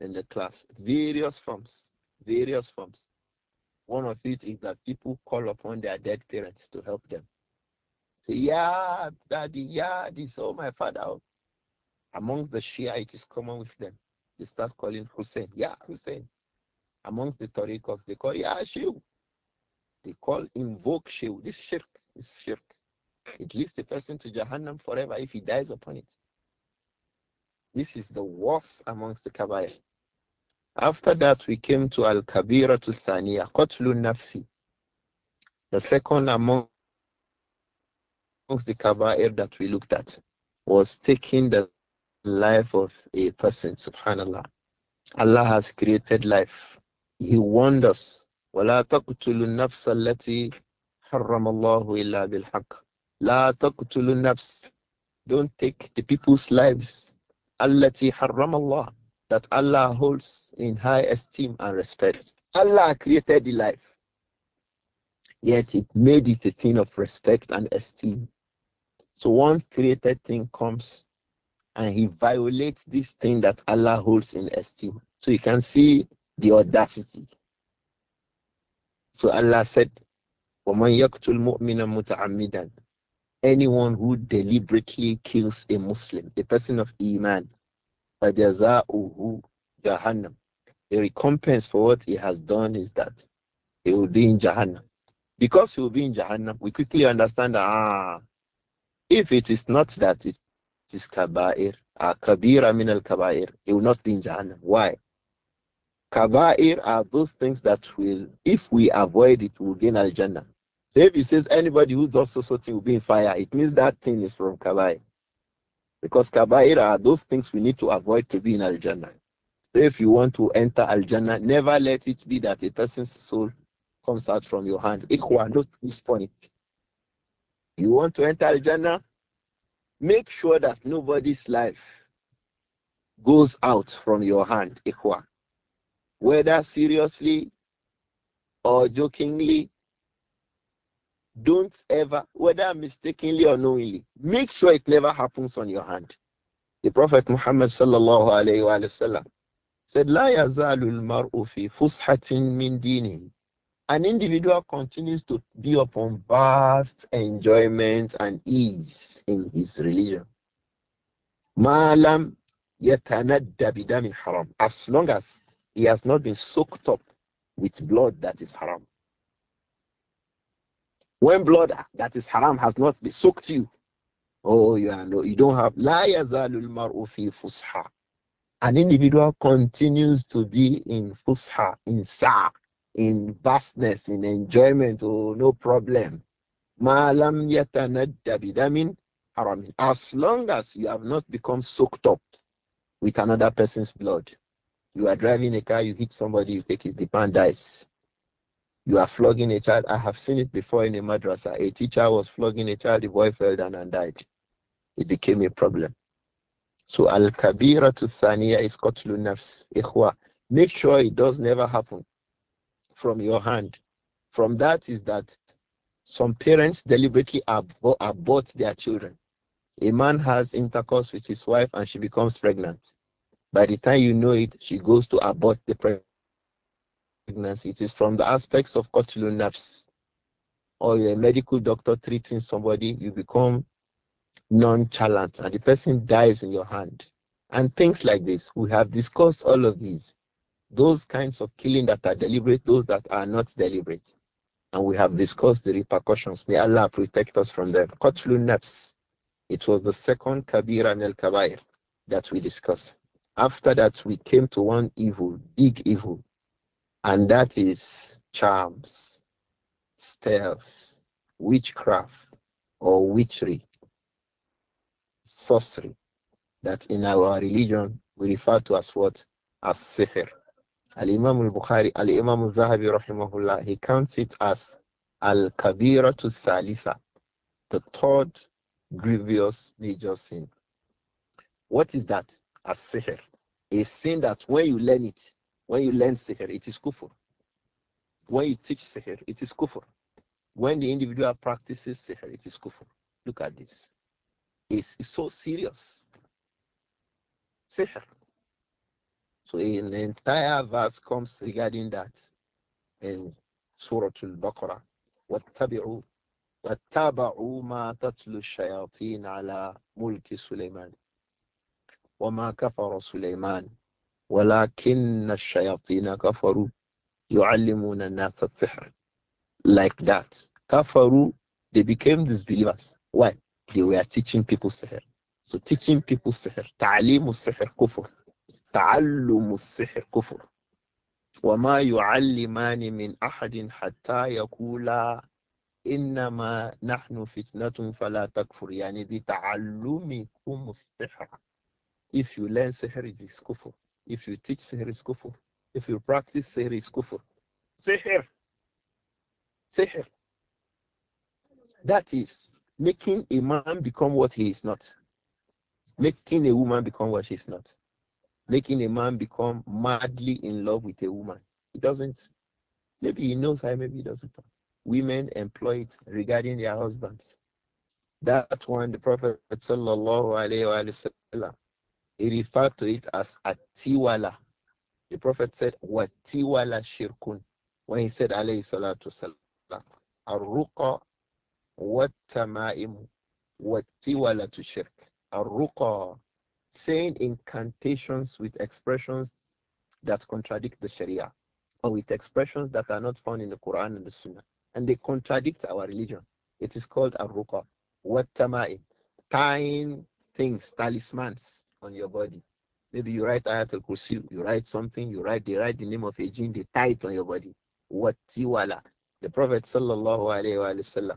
in the class. Various forms, various forms. One of it is that people call upon their dead parents to help them. Say, yeah, daddy, yeah, this, oh, my father. Amongst the Shia, it is common with them. They start calling Hussein, yeah, Hussein. Amongst the Tariqahs, they call, yeah, Shiu. They call, invoke Shiu. This shirk is shirk. It leads the person to Jahannam forever if he dies upon it. This is the worst amongst the kabair. After that, we came to Al Kabira to Thaniya, Qatlu Nafsi. The second among amongst the kabair that we looked at was taking the life of a person, subhanAllah. Allah has created life. He warned us. وَلَا تَقْتُلُوا النَّفْسَ الَّتِي حَرَّمَ اللَّهُ إِلَّا بِالْحَقِّ لَا تَقْتُلُوا النَّفْسَ Don't take the people's lives allati Allah, that Allah holds in high esteem and respect. Allah created the life, yet it made it a thing of respect and esteem. So one created thing comes and he violates this thing that Allah holds in esteem. So you can see the audacity. So Allah said, وَمَنْ يَقْتُلْ مُؤْمِنًا مُتَعَمِّدًا anyone who deliberately kills a Muslim, a person of Iman, uhu Jahannam. The recompense for what he has done is that he will be in Jahannam. Because he will be in Jahannam, we quickly understand that, ah, if it is not that it is Kaba'ir, uh, Kabira min al Kaba'ir, he will not be in Jahannam. Why? Kaba'ir are those things that will, if we avoid it, will gain Al Jannah. David says anybody who does so so thing will be in fire. It means that thing is from Kabai. Because Kabair are those things we need to avoid to be in aljana. So if you want to enter aljana, never let it be that a person's soul comes out from your hand. Ikhwa, don't postpone it. You want to enter aljana? Make sure that nobody's life goes out from your hand. Ikhwa. Whether seriously or jokingly don't ever, whether mistakenly or knowingly, make sure it never happens on your hand. The Prophet Muhammad sallallahu alayhi wa sallam said, La yazalul mar'u fi fushatin min dini. An individual continues to be upon vast enjoyment and ease in his religion. Ma'alam yatanadda haram. As long as he has not been soaked up with blood that is haram. When blood that is haram has not been soaked you, oh, you, are no, you don't have. لا يزال المرء An individual continues to be in fusha, in sa, in vastness, in enjoyment, oh, no problem. As long as you have not become soaked up with another person's blood, you are driving a car, you hit somebody, you take his the dies. You are flogging a child. I have seen it before in a madrasa. A teacher was flogging a child, the boy fell down and died. It became a problem. So al kabira to thaniya is qatlu nafs ikhwa. Make sure it does never happen from your hand. From that is that some parents deliberately abort, abort their children. A man has intercourse with his wife and she becomes pregnant. By the time you know it, she goes to abort the pregnancy pregnancy. It is from the aspects of Kotulun Or a medical doctor treating somebody, you become nonchalant and the person dies in your hand. And things like this. We have discussed all of these. Those kinds of killing that are deliberate, those that are not deliberate. And we have discussed the repercussions. May Allah protect us from them. Kotulun Nafs. It was the second Kabira and El Kabair that we discussed. After that, we came to one evil, big evil, and that is charms, spells, witchcraft, or witchery, sorcery, that in our religion we refer to as what? As sihr. Al-Imam al-Bukhari, Al-Imam al-Zahabi rahimahullah, he counts it as Al-Kabira to Thalitha, the third grievous major sin. What is that? As sihr. A sin that when you learn it, when you learn sihr, it is kufr. When you teach sihr, it is kufr. When the individual practices sihr, it is kufr. Look at this. It's, it's so serious. Sihr. So an entire verse comes regarding that in Surah Al-Baqarah. واتبعوا واتبعوا ما تتلو الشياطين على ملك سليمان وما كفر سليمان ولكن الشياطين كفروا يعلمون الناس السحر like that كفروا they became disbelievers why they were teaching people السحر so teaching people السحر تعليم السحر كفر تعلم السحر كفر وما يعلمان من أحد حتى يقولا إنما نحن فتنة فلا تكفر يعني بتعلمكم السحر if you learn سحر it is كفر If you teach sihr, it's kufr. If you practice sihr, say kufr. say Sihr. That is making a man become what he is not. Making a woman become what she is not. Making a man become madly in love with a woman. He doesn't. Maybe he knows her, maybe he doesn't. Women employ it regarding their husbands. That one, the Prophet sallallahu alaihi wasallam he referred to it as atiwala. The Prophet said, Watiwala shirkun. When he said, alayhi salatu salam, Arruqa watama'im watiwala to shirk. Arruqa, saying incantations with expressions that contradict the Sharia or with expressions that are not found in the Quran and the Sunnah. And they contradict our religion. It is called Arruqa. Watama'im. Tying things, talismans on your body. Maybe you write Ayatul Kursi, you write something, you write, they write the name of a jinn, they tie it on your body. What tiwala? The Prophet sallallahu alaihi wasallam,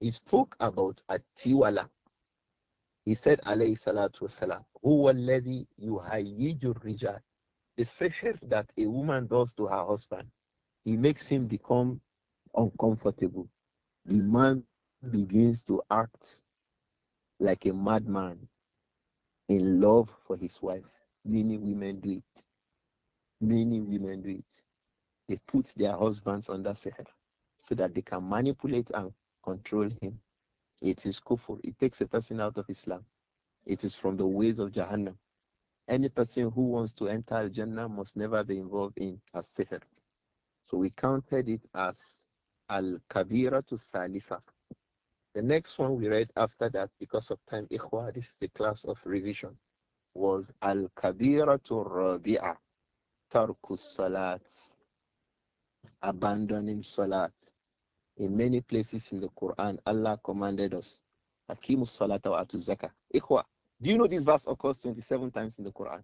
he spoke about a tiwala. He said, alayhi salatu wasalam, huwa alladhi yuhayyiju rijal. The sihr that a woman does to her husband, he makes him become uncomfortable. The man begins to act like a madman in love for his wife. Many women do it. Many women do it. They put their husbands under seher so that they can manipulate and control him. It is kufur. It takes a person out of Islam. It is from the ways of Jahannam. Any person who wants to enter Jannah must never be involved in a seher. So we counted it as al kabira to salisa. The next one we read after that, because of time, Ikhwa, this is a class of revision, was Al Kabiratu Rabi'a, Tarkus Salat, abandoning Salat. In many places in the Quran, Allah commanded us, Akimu Salat wa Atu Zakah. Ikhwa, do you know this verse occurs 27 times in the Quran?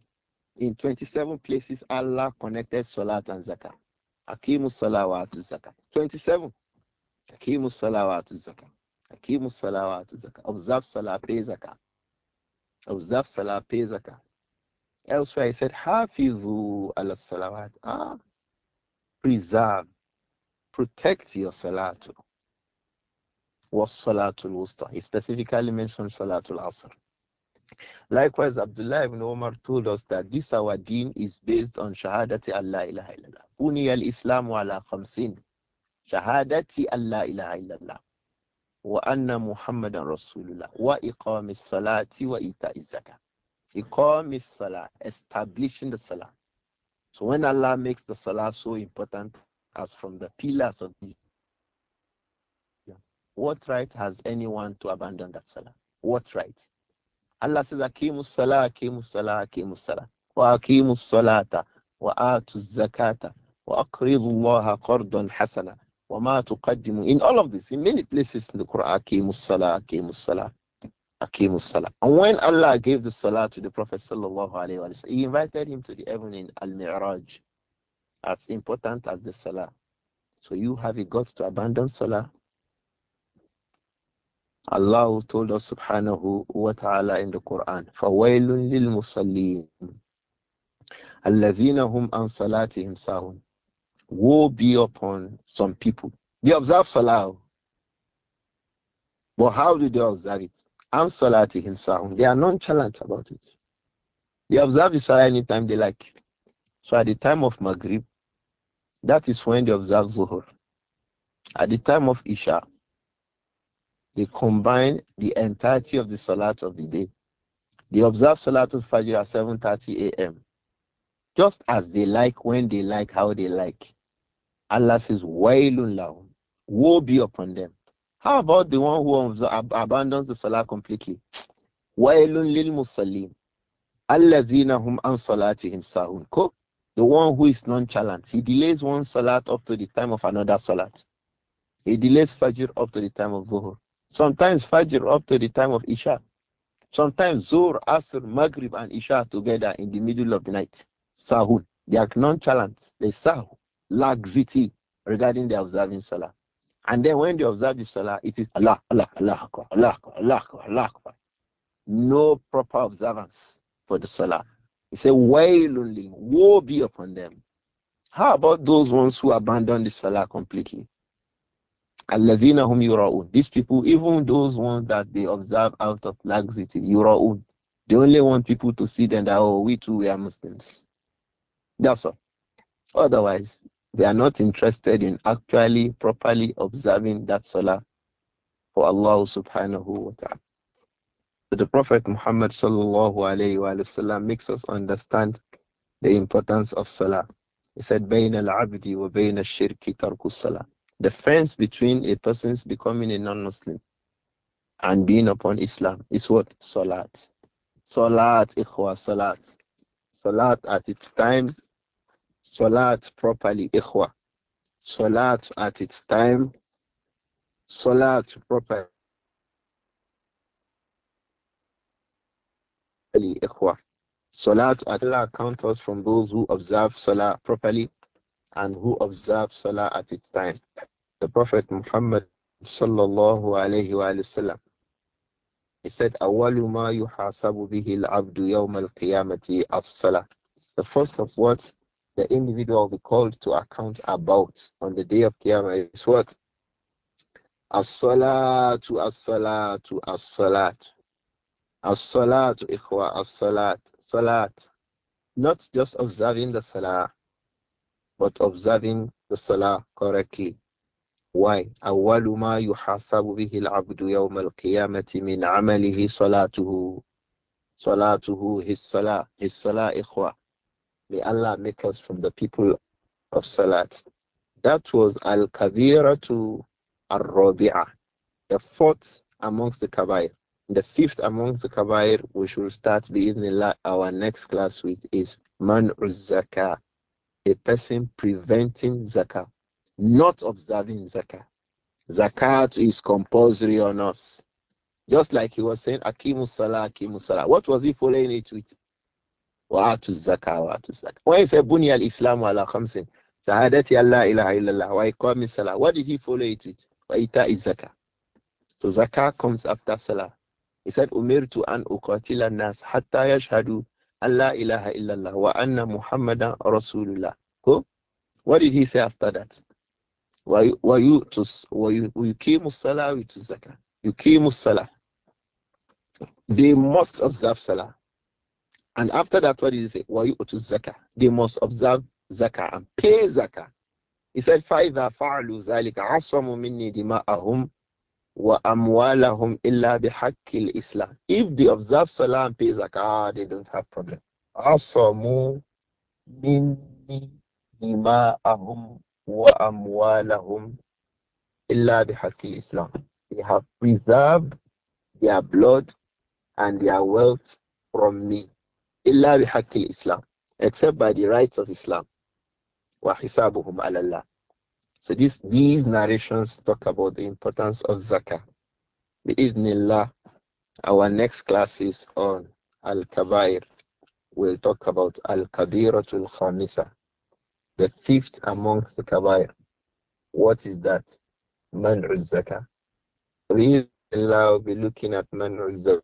In 27 places, Allah connected Salat and Zakah. Akimu Salat wa Atu Zakah. 27. Akimu Salat wa Atu Zakah. Akimu salawat zaka. Observe salah, pay zaka. Observe salah, pay zaka. Elsewhere, he said, Hafizu ala salawat. Ah, preserve, protect your salatu. Was salatul wusta? He specifically mentioned salatul asr. Likewise, Abdullah ibn Omar told us that this our deen is based on Shahadati Allah ilaha illallah. Buni al Islam ala khamsin. Shahadati Allah ilaha illallah. Muhammadan Rasulullah wa الله وإقام wa وإيتاء الزكاة إقام salat establishing the salah so when Allah makes the salah so important as from the pillars of the what right has anyone to abandon that salah what right Allah says akimu salah akimu salah akimu salah wa akimu salata wa atu zakata wa aqridu Allaha qardan hasana وَمَا تُقَدِّمُ In all of this, in many places in the Quran, أَكِيمُ الصَّلَاةِ أَكِيمُ الصَّلَاةِ أَكِيمُ الصَّلَاةِ And when Allah gave the salah to the Prophet sallallahu alayhi wa sallam, He invited him to the heaven in Al-Mi'raj, as important as the salah. So you have a got to abandon salah. Allah told us subhanahu wa ta'ala in the Quran, فَوَيْلٌ لِلْمُصَلِّينَ الَّذِينَ هُمْ عَنْ صَلَاتِهِمْ سَاهُونَ Woe be upon some people. They observe Salah. But how do they observe it? And Salah to himself. They are nonchalant about it. They observe the Salah anytime they like. So at the time of Maghrib, that is when they observe Zuhur. At the time of Isha, they combine the entirety of the Salat of the day. They observe Salatul Fajr at 7.30 a.m just as they like, when they like, how they like. Allah says, Wailun lahum. Woe be upon them. How about the one who abandons the salah completely? Wailun lil musallim. Alladhina hum an salatihim sahun. Ko? The one who is nonchalant. He delays one salat up to the time of another salat. He delays Fajr up to the time of Zuhur. Sometimes Fajr up to the time of Isha. Sometimes Zuhr, Asr, Maghrib, and Isha together in the middle of the night sahun. They are nonchalant. They sahu, laxity regarding the observing salah. And then when they observe the salah, it is Allah, Allah, Allah, Akbar, Allah, Akbar, Allah, Akbar, Allah. Akbar. No proper observance for the salah. He said, Wailun woe be upon them. How about those ones who abandon the salah completely? Alladhina hum yura'un. These people, even those ones that they observe out of laxity, yura'un. They only want people to see them that, oh, we too, we are Muslims. That's all. Otherwise, they are not interested in actually properly observing that salah for Allah subhanahu wa ta'ala. So the Prophet Muhammad sallallahu alayhi wa sallam makes us understand the importance of salah. He said, Bain al abdi wa bain al shirki tarku salah. The fence between a person's becoming a non Muslim and being upon Islam is what? Salat. Salat, ikhwa, salat. Salat at its time Salat properly, ikhwa. Salat at its time. Salat properly, ikhwa. Salat, Allah count us from those who observe Salah properly and who observe Salah at its time. The Prophet Muhammad sallallahu alayhi wa sallam, he said, أَوَّلُ مَا يُحَاسَبُ بِهِ الْعَبْدُ يَوْمَ الْقِيَامَةِ الصَّلَاةِ The first of what the individual will be called to account about on the day of Qiyamah is what? As-salatu, as-salatu, as-salatu. As-salatu, ikhwa, as-salat. Salat. Not just observing the salah, but observing the salah correctly. Why? أول ما يحاسب به العبد يوم القيامة من عمله صلاته صلاته his salah his salah إخوة May Allah make us from the people of Salat. That was Al Kabira to Al Rabi'ah, the fourth amongst the Kabair. The fifth amongst the Kabair, we should start beginning Our next class with is Man Zakah, a person preventing Zakah, not observing Zakah. Zakat is compulsory on us. Just like he was saying, Akimu Salah, Akimu Salah. What was he following it with? وآتوا الزكاة وآتوا الزكاة When he said بني الإسلام على خمس شهادة أن لا إله إلا الله وإقام الصلاة What did he follow it with? وإيتاء الزكاة So zakah comes after salah He said أمرت أن أقاتل الناس حتى يشهدوا أن لا إله إلا الله وأن محمدا رسول الله Go. What did he say after that? ويقيم الصلاة ويؤتوا الزكاة يقيم الصلاة They must observe salah and after that, what did he say? Well, you to zakah. They must observe zakah and pay zakah. He said, فَإِذَا فَعَلُوا ذَلِكَ عَصَمُوا If they observe salah and pay zakah, ah, they don't have problem. عَصَمُوا مِنِّي دِمَاءَهُمْ وَأَمْوَالَهُمْ إِلَّا بِحَقِّ Islam. They have preserved their blood and their wealth from me illa bihaqqil Islam, except by the rights of Islam. Wa hisabuhum Allāh. So these these narrations talk about the importance of zakah. Bi'idhnillah, our next class is on al-kabair. We'll talk about al-kabiratul khamisa, the fifth amongst the kabair. What is that? Man'u zakah. Bi'idhnillah, we'll be looking at man'u zakah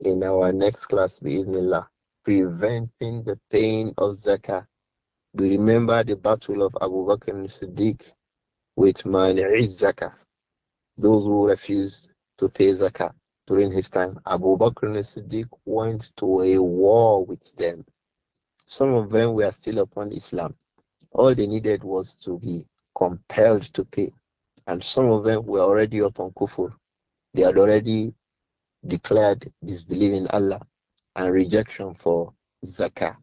in our next class, bi'idhnillah preventing the paying of zakah. We remember the battle of Abu Bakr and Siddiq with Mali'id zakah, those who refused to pay zakah during his time. Abu Bakr and Siddiq went to a war with them. Some of them were still upon Islam. All they needed was to be compelled to pay. And some of them were already upon kufur. They had already declared disbelieving Allah and rejection for zakah.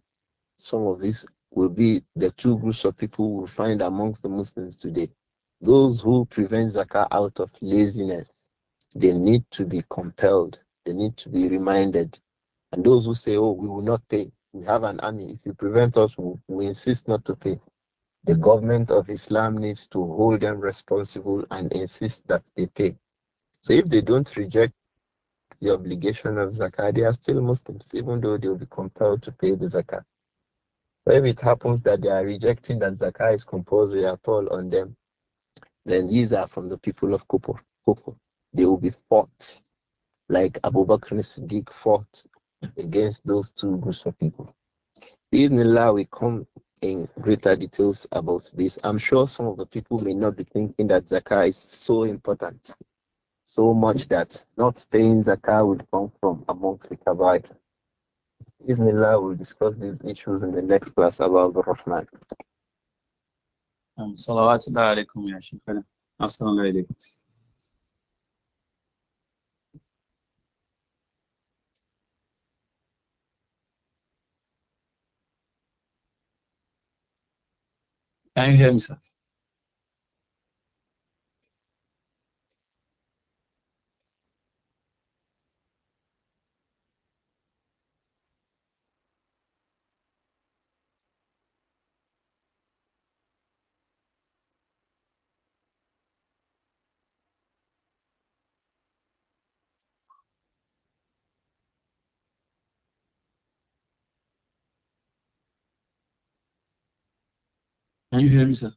Some of these will be the two groups of people we find amongst the Muslims today. Those who prevent zakah out of laziness, they need to be compelled, they need to be reminded. And those who say, oh, we will not pay, we have an army. If you prevent us, we, we insist not to pay. The government of Islam needs to hold them responsible and insist that they pay. So if they don't reject the obligation of zakat, they are still Muslims, even though they will be compelled to pay the zakat. But if it happens that they are rejecting that zakat is compulsory at all on them, then these are from the people of Kufur. Kufur. They will be fought, like Abu Bakr Siddiq fought against those two groups of people. In Bismillah, we come in greater details about this. I'm sure some of the people may not be thinking that zakah is so important so much that not paying zakah would come from amongst the kabair. Even Allah will discuss these issues in the next class about the Rahman. Um, Salawatullah alaikum ya Shaykhana. Assalamu alaikum. Can you hear me, sir? you hear me, sir?